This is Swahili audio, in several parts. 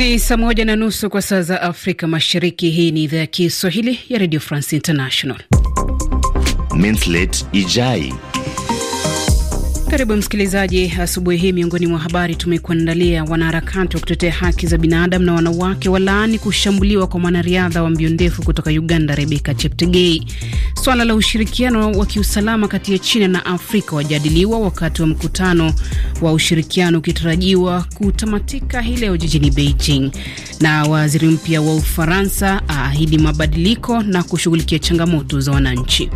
Ni saa moja na nusu kwa saa za Afrika Mashariki. Hii ni idhaa ya Kiswahili ya Radio France International. minslate Ijai karibu msikilizaji, asubuhi hii, miongoni mwa habari tumekuandalia: wanaharakati wa kutetea haki za binadamu na wanawake walaani kushambuliwa kwa mwanariadha wa mbio ndefu kutoka Uganda, Rebeka Cheptegei; swala la ushirikiano wa kiusalama kati ya China na Afrika wajadiliwa wakati wa mkutano wa ushirikiano ukitarajiwa kutamatika hii leo jijini Beijing; na waziri mpya wa Ufaransa aahidi mabadiliko na kushughulikia changamoto za wananchi.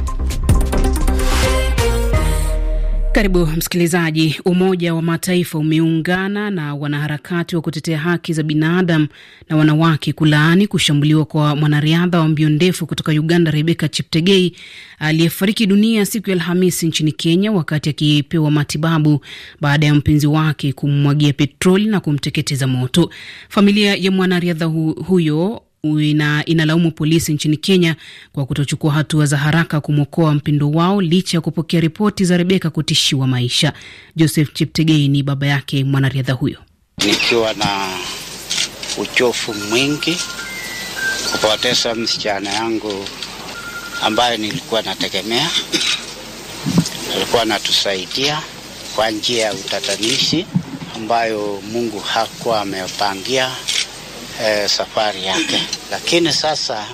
Karibu msikilizaji. Umoja wa Mataifa umeungana na wanaharakati wa kutetea haki za binadamu na wanawake kulaani kushambuliwa kwa mwanariadha wa mbio ndefu kutoka Uganda, rebeka Cheptegei aliyefariki dunia siku ya Alhamisi nchini Kenya wakati akipewa matibabu baada ya mpenzi wake kummwagia petroli na kumteketeza moto. Familia ya mwanariadha hu huyo ina, inalaumu polisi nchini Kenya kwa kutochukua hatua za haraka kumwokoa mpindo wao licha ya kupokea ripoti za Rebeka kutishiwa maisha. Joseph Cheptegei ni baba yake mwanariadha huyo. nikiwa na uchofu mwingi kupoteza msichana yangu ambayo nilikuwa nategemea, alikuwa natusaidia kwa njia ya utatanishi ambayo Mungu hakuwa amepangia eh, safari yake. Lakini sasa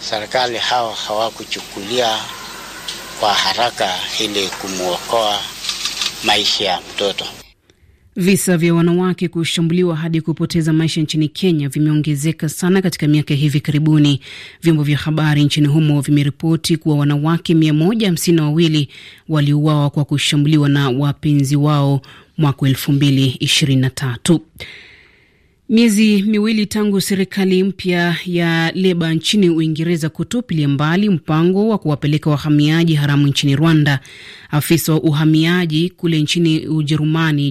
serikali hawa hawakuchukulia kwa haraka ili kumwokoa maisha ya mtoto. Visa vya wanawake kushambuliwa hadi kupoteza maisha nchini Kenya vimeongezeka sana katika miaka hivi karibuni. Vyombo vya habari nchini humo vimeripoti kuwa wanawake wawili waliuawa kwa kushambuliwa na wapenzi wao mwaka 2023. Miezi miwili tangu serikali mpya ya Leba nchini Uingereza kutupilia mbali mpango wa kuwapeleka wahamiaji haramu nchini Rwanda, afisa wa uhamiaji kule nchini Ujerumani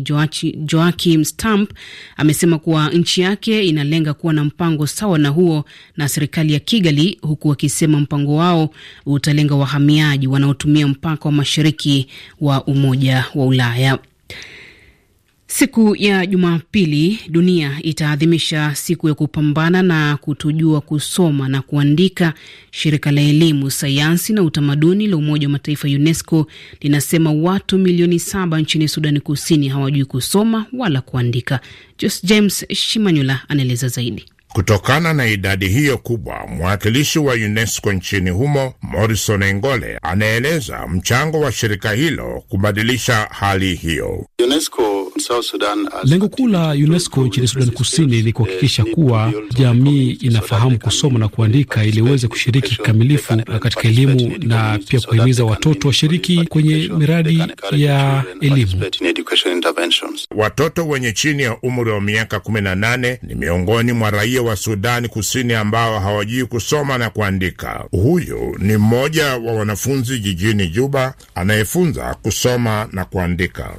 Joachim Stamp amesema kuwa nchi yake inalenga kuwa na mpango sawa na huo na serikali ya Kigali, huku akisema mpango wao utalenga wahamiaji wanaotumia mpaka wa mashariki wa Umoja wa Ulaya. Siku ya Jumapili dunia itaadhimisha siku ya kupambana na kutojua kusoma na kuandika. Shirika la elimu, sayansi na utamaduni la Umoja wa Mataifa UNESCO linasema watu milioni saba nchini Sudani Kusini hawajui kusoma wala kuandika. Jos James Shimanyula anaeleza zaidi. Kutokana na idadi hiyo kubwa, mwakilishi wa UNESCO nchini humo Morrison Engole anaeleza mchango wa shirika hilo kubadilisha hali hiyo UNESCO Lengo kuu la UNESCO nchini Sudan Kusini ni kuhakikisha kuwa jamii inafahamu kusoma na kuandika ili iweze kushiriki kikamilifu katika elimu na pia kuhimiza watoto washiriki kwenye miradi ya elimu. Watoto wenye chini ya umri wa miaka 18 ni miongoni mwa raia wa Sudani Kusini ambao hawajui kusoma na kuandika. Huyu ni mmoja wa wanafunzi jijini Juba anayefunza kusoma na kuandika.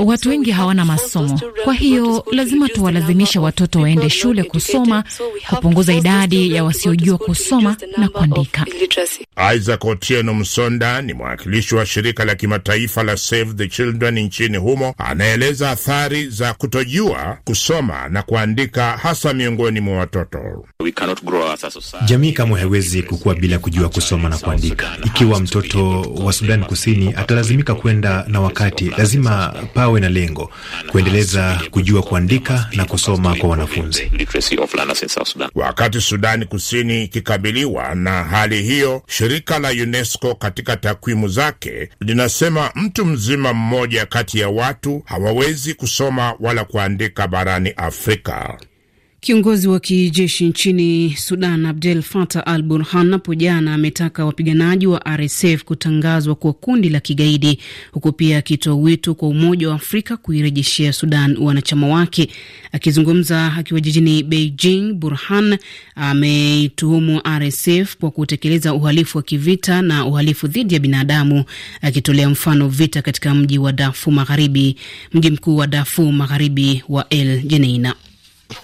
Watu wengi hawana masomo, kwa hiyo lazima tuwalazimishe watoto waende shule kusoma, kupunguza idadi ya wasiojua kusoma na kuandika. Isaac Otieno Msonda ni mwakilishi wa shirika la kimataifa la Save the Children nchini humo, anaeleza athari za kutojua kusoma na kuandika hasa miongoni mwa watoto. Jamii kamwe haiwezi kukua bila kujua kusoma na kuandika. Ikiwa mtoto wa Sudan Kusini atalazimika kwenda na wakati, lazima pawe na lengo kuendeleza kujua kuandika na kusoma kwa wanafunzi. Wakati Sudani Kusini ikikabiliwa na hali hiyo, shirika la UNESCO katika takwimu zake linasema mtu mzima mmoja kati ya watu hawawezi kusoma wala kuandika barani Afrika. Kiongozi wa kijeshi nchini Sudan Abdel Fattah al Burhan hapo jana ametaka wapiganaji wa RSF kutangazwa kuwa kundi la kigaidi, huku pia akitoa wito kwa Umoja wa Afrika kuirejeshea Sudan wanachama wake. Akizungumza akiwa jijini Beijing, Burhan ametuhumu RSF kwa kutekeleza uhalifu wa kivita na uhalifu dhidi ya binadamu, akitolea mfano vita katika mji wa Darfur Magharibi, mji mkuu wa Darfur Magharibi wa El Jeneina.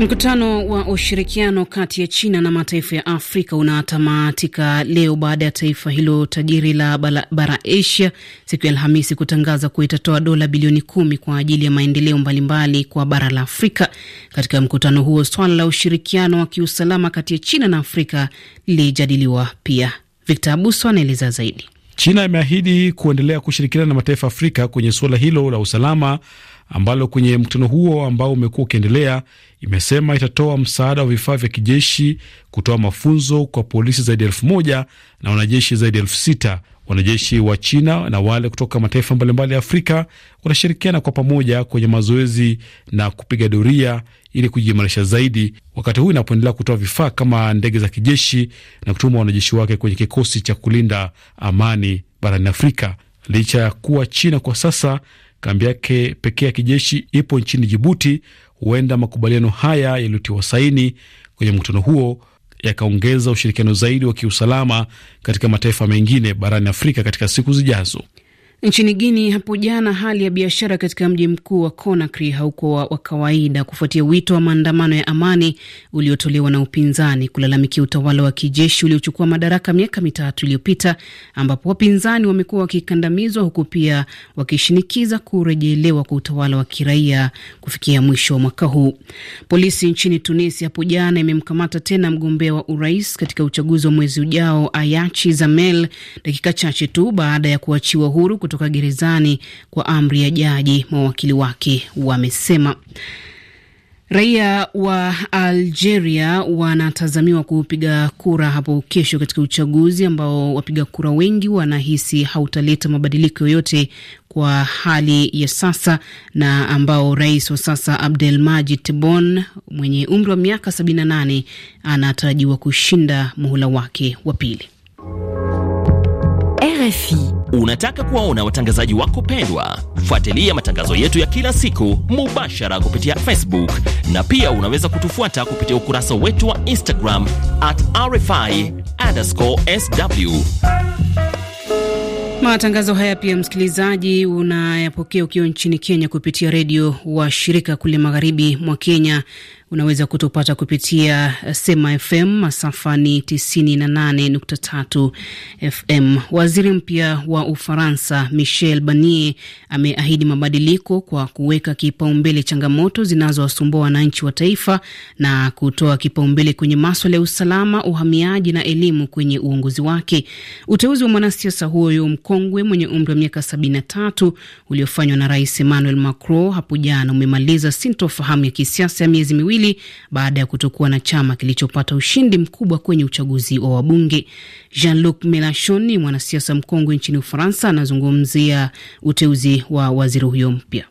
Mkutano wa ushirikiano kati ya China na mataifa ya Afrika unatamatika leo baada ya taifa hilo tajiri la bara Asia siku ya Alhamisi kutangaza kuwa itatoa dola bilioni kumi kwa ajili ya maendeleo mbalimbali kwa bara la Afrika. Katika mkutano huo, swala la ushirikiano wa kiusalama kati ya China na Afrika lilijadiliwa pia. Victor Abuso anaeleza zaidi. China imeahidi kuendelea kushirikiana na mataifa Afrika kwenye suala hilo la usalama, ambalo kwenye mkutano huo ambao umekuwa ukiendelea imesema itatoa msaada wa vifaa vya kijeshi, kutoa mafunzo kwa polisi zaidi ya elfu moja na wanajeshi zaidi ya elfu sita. Wanajeshi wa China na wale kutoka mataifa mbalimbali ya Afrika wanashirikiana kwa pamoja kwenye mazoezi na kupiga doria ili kujiimarisha zaidi, wakati huu inapoendelea kutoa vifaa kama ndege za kijeshi na kutuma wanajeshi wake kwenye kikosi cha kulinda amani barani Afrika, licha ya kuwa China kwa sasa Kambi yake pekee ya kijeshi ipo nchini Jibuti. Huenda makubaliano haya yaliyotiwa saini kwenye mkutano huo yakaongeza ushirikiano zaidi wa kiusalama katika mataifa mengine barani Afrika katika siku zijazo. Nchini Guini hapo jana, hali ya biashara katika mji mkuu wa Conakry haukuwa wa kawaida kufuatia wito wa maandamano ya amani uliotolewa na upinzani kulalamikia utawala wa kijeshi uliochukua madaraka miaka mitatu iliyopita, ambapo wapinzani wamekuwa wakikandamizwa huku pia wakishinikiza kurejelewa kwa utawala wa kiraia kufikia mwisho wa mwaka huu. Polisi nchini Tunisia hapo jana imemkamata tena mgombea wa urais katika uchaguzi wa mwezi ujao, Ayachi Zamel, dakika chache tu baada ya kuachiwa huru kutoka gerezani kwa amri ya jaji, mawakili wake wamesema. Raia wa Algeria wanatazamiwa kupiga kura hapo kesho katika uchaguzi ambao wapiga kura wengi wanahisi hautaleta mabadiliko yoyote kwa hali ya sasa na ambao rais wa sasa abdel maji Tebboune mwenye umri wa miaka 78 anatarajiwa kushinda muhula wake wa pili. RFI. Unataka kuwaona watangazaji wako pendwa? Fuatilia matangazo yetu ya kila siku mubashara kupitia Facebook na pia unaweza kutufuata kupitia ukurasa wetu wa Instagram at RFI underscore sw. Matangazo haya pia msikilizaji unayapokea ukiwa nchini Kenya kupitia redio wa shirika kule magharibi mwa Kenya Unaweza kutupata kupitia eh, Sema FM masafa ni 98.3 FM. Waziri mpya wa Ufaransa Michel Barnier ameahidi mabadiliko kwa kuweka kipaumbele changamoto zinazowasumbua wananchi wa taifa na kutoa kipaumbele kwenye maswala ya usalama, uhamiaji na elimu kwenye uongozi wake. Uteuzi wa mwanasiasa huyo mkongwe mwenye umri wa miaka 73 uliofanywa na Rais Emmanuel Macron hapo jana umemaliza sintofahamu ya kisiasa ya miezi miwili mbili baada ya kutokuwa na chama kilichopata ushindi mkubwa kwenye uchaguzi wa wabunge. Jean-Luc Melenchon ni mwanasiasa mkongwe nchini Ufaransa, anazungumzia uteuzi wa waziri huyo mpya.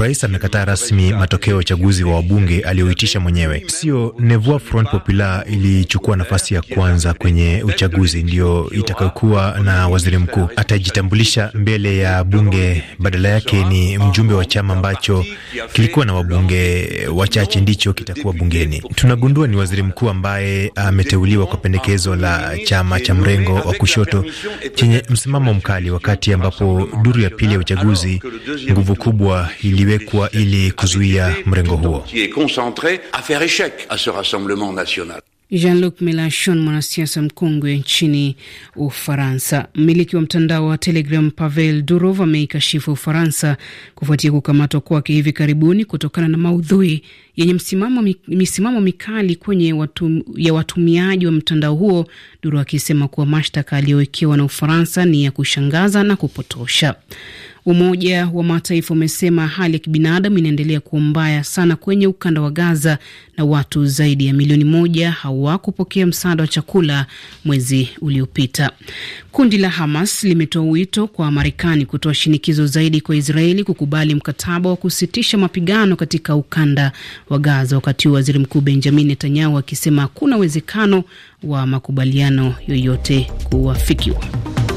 Rais amekataa rasmi matokeo ya uchaguzi wa wabunge aliyoitisha mwenyewe, sio Nouveau Front Populaire ilichukua nafasi ya kwanza kwenye uchaguzi, ndiyo itakayokuwa na waziri mkuu. Atajitambulisha mbele ya bunge, badala yake ni mjumbe wa chama ambacho kilikuwa na wabunge wachache ndicho kitakuwa bungeni. Tunagundua ni waziri mkuu ambaye ameteuliwa kwa pendekezo la chama cha mrengo wa kushoto chenye msimamo mkali, wakati ambapo duru ya pili ya uchaguzi, nguvu kubwa iliwekwa ili kuzuia mrengo huo. Jean-Luc Melenchon, mwanasiasa mkongwe nchini Ufaransa. Mmiliki wa mtandao wa Telegram Pavel Durov ameikashifu Ufaransa kufuatia kukamatwa kwake hivi karibuni kutokana na maudhui yenye msimamo, misimamo mikali kwenye watu, ya watumiaji wa mtandao huo, duru akisema kuwa mashtaka aliyowekewa na Ufaransa ni ya kushangaza na kupotosha. Umoja wa Mataifa umesema hali ya kibinadamu inaendelea kuwa mbaya sana kwenye ukanda wa Gaza na watu zaidi ya milioni moja hawakupokea msaada wa chakula mwezi uliopita. Kundi la Hamas limetoa wito kwa Marekani kutoa shinikizo zaidi kwa Israeli kukubali mkataba wa kusitisha mapigano katika ukanda wa Gaza, wakati huu waziri mkuu Benjamin Netanyahu akisema hakuna uwezekano wa makubaliano yoyote kuwafikiwa.